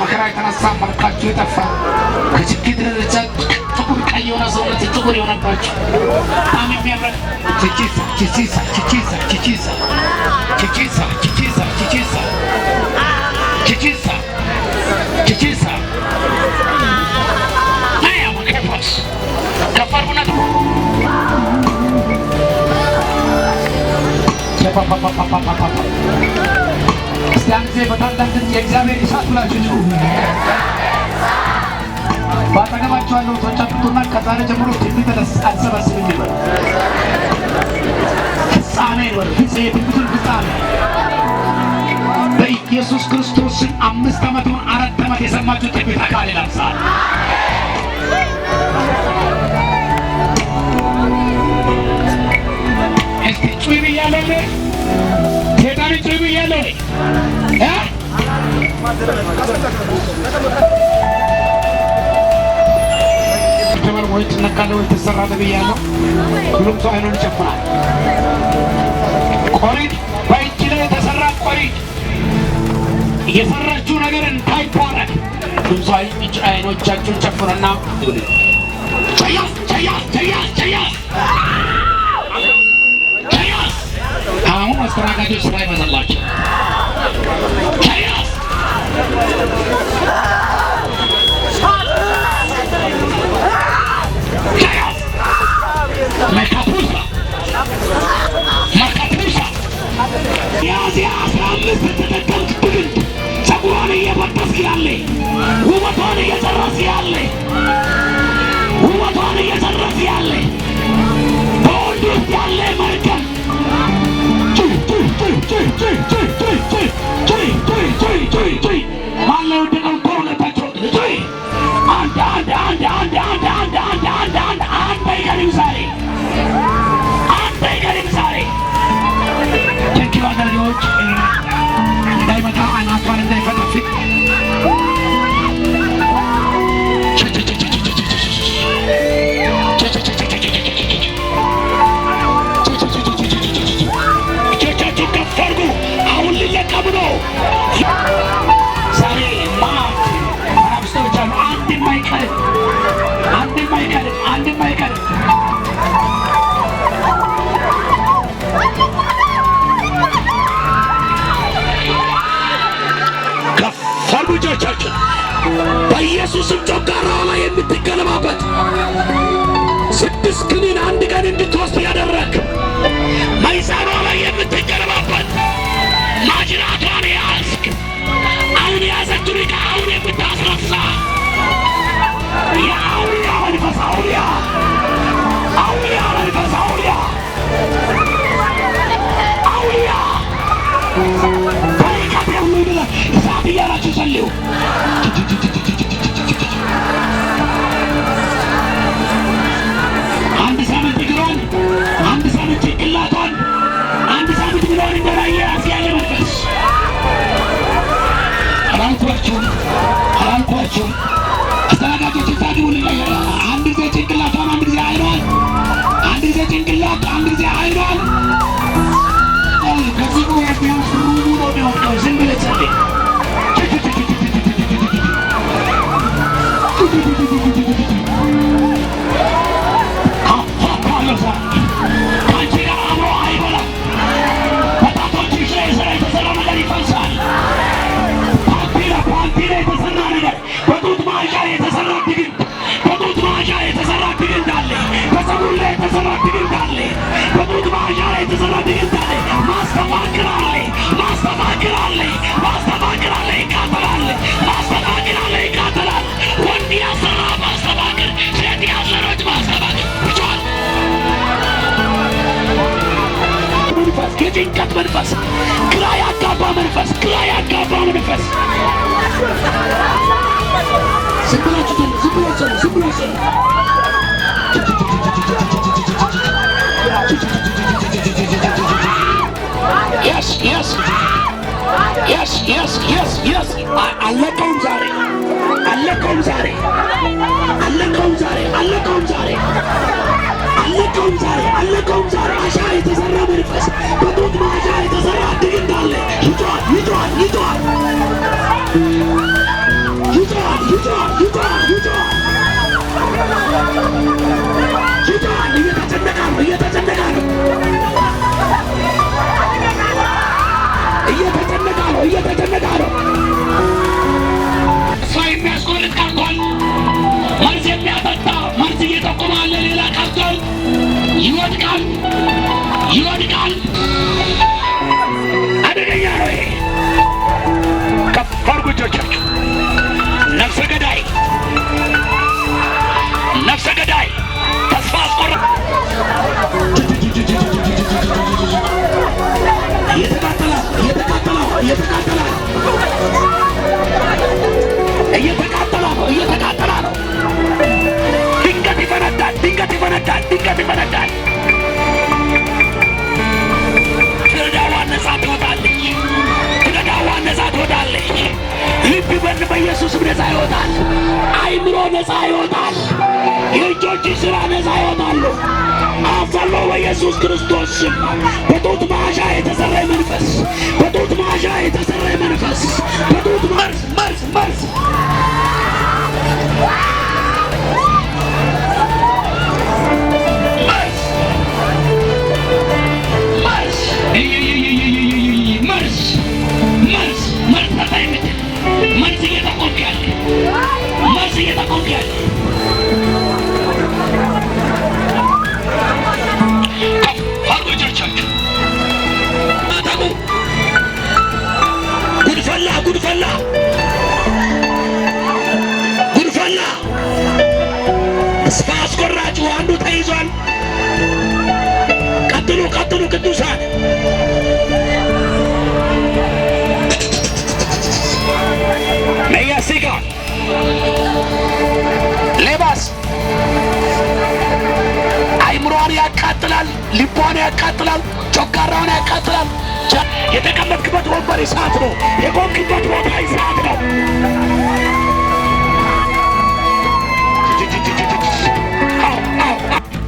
መከራ የተነሳ መልካቸው የጠፋ ከችግር ደረጃ ጥቁር ቀይ የሆነ ሰውነት ጥቁር የሆነባቸው በጣም የሚያምር ቺቺሳ ቺቺሳ ቺቺሳ ቺቺሳ ቺቺሳ ቺቺሳ ቺቺሳ ቺቺሳ ቺቺሳ Pa pa pa pa pa pa pa ክርስቲያን ጊዜ በታላቅ ድምፅ የእግዚአብሔር እሳት ብላችሁ ጩሁ። ባጠገባችሁ ያለው ተጨብጡና ከዛሬ ጀምሮ ትንቢት አልሰበስብም ይበል። ፍጻሜ ይበል። ፍጽ የትንቢቱን ፍጻሜ በኢየሱስ ክርስቶስን አምስት ዓመቱን አራት ዓመት የሰማችሁ ትንቢት አካል ይላል ወይ ትነካለ ወይ ትሰራለ ብያለሁ። ሁሉም ሰው አይኑን ይጨፍናል። ቆሪጥ በእጅ ላይ የተሰራ ቆሪጥ የሰራችው ነገር እንዳይቋረጥ ሁሉም ሰው አይኖቻችሁን ጨፍኑና ቸያስ አሁን አስተናጋጆች ስራ ይበዛላቸው ውበቷን እየተረፍ ያለ ውበቷን እየተረፍ ያለ በወንድ ውስጥ ያለ መርከብ እንዳይመታ አይናቷን እንዳይፈታ እርምጃዎቻችን በኢየሱስም ጮጋራው ላይ የምትገለባበት ስድስት ክኒን አንድ ቀን እንድትወስድ ያደረግ መይዛሯ ላይ የምትገለባበት ማጅራቷን የያዝክ አሁን የያዘችውን ዕቃ አሁን የምታስረሳ የአውሊያ መንፈስ አውሊያ አውሊያ መንፈስ አውሊያ አውሊያ እሳት እያላችሁ ጸልዩ። አንድ ሳምንት እግሯን፣ አንድ ሳምንት ጭንቅላቷን፣ አንድ ሳምንት ምናምን እንደራየ መንፈስ አላልኳችሁም? አላልኳችሁም? መንፈስ፣ ግራ ያጋባ መንፈስ፣ ግራ ያጋባ መንፈስ ዝም ብላችሁ ዝም ብላችሁ ዝም ብላችሁ Yes, yes, yes, yes, yes, yes. አለቀውም ዛሬ አለቀውም ዛሬ Let's go! ነፃ ይወጣል። አይምሮ ነፃ ይወጣል። የእጆች ሥራ ነፃ ይወጣሉ። አፈሎ በኢየሱስ ክርስቶስ በጡት መዓሻ የተሰራ መንፈስ ቅዱሳን ነያሲቃ ሌባስ አይምሮን ያቃጥላል፣ ልቧን ያቃጥላል፣ ጮጋራውን ያቃጥላል። የተቀመጥክበት ወንበር እሳት ነው። የቆምክበት ቦታ እሳት ነው።